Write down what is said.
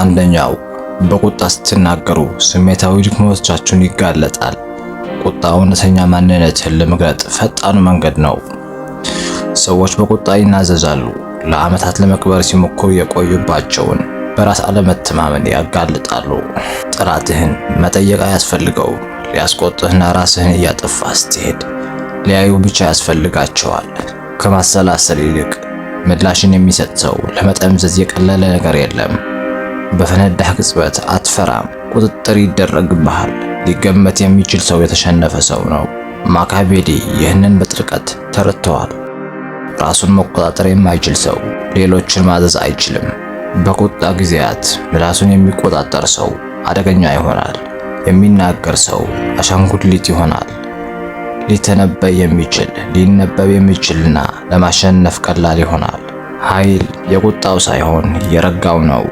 አንደኛው በቁጣ ስትናገሩ ስሜታዊ ድክመቶቻችሁን ይጋለጣል። ቁጣ እውነተኛ ማንነትን ለመግለጥ ፈጣኑ መንገድ ነው። ሰዎች በቁጣ ይናዘዛሉ። ለዓመታት ለመክበር ሲሞክሩ የቆዩባቸውን በራስ አለመተማመን ያጋልጣሉ። ጥራትህን መጠየቅ አያስፈልገው። ሊያስቆጥህና ራስህን እያጠፋ ስትሄድ ሊያዩ ብቻ ያስፈልጋቸዋል። ከማሰላሰል ይልቅ ምላሽን የሚሰጥ ሰው ለመጠምዘዝ የቀለለ ነገር የለም። በፈነዳህ ቅጽበት አትፈራም። ቁጥጥር ይደረግብሃል። ሊገመት የሚችል ሰው የተሸነፈ ሰው ነው። ማካቤዲ ይህንን በጥልቀት ተረድተዋል። ራሱን መቆጣጠር የማይችል ሰው ሌሎችን ማዘዝ አይችልም። በቁጣ ጊዜያት ምላሱን የሚቆጣጠር ሰው አደገኛ ይሆናል። የሚናገር ሰው አሻንጉሊት ይሆናል። ሊተነበይ የሚችል ሊነበብ የሚችልና ለማሸነፍ ቀላል ይሆናል። ኃይል የቁጣው ሳይሆን የረጋው ነው።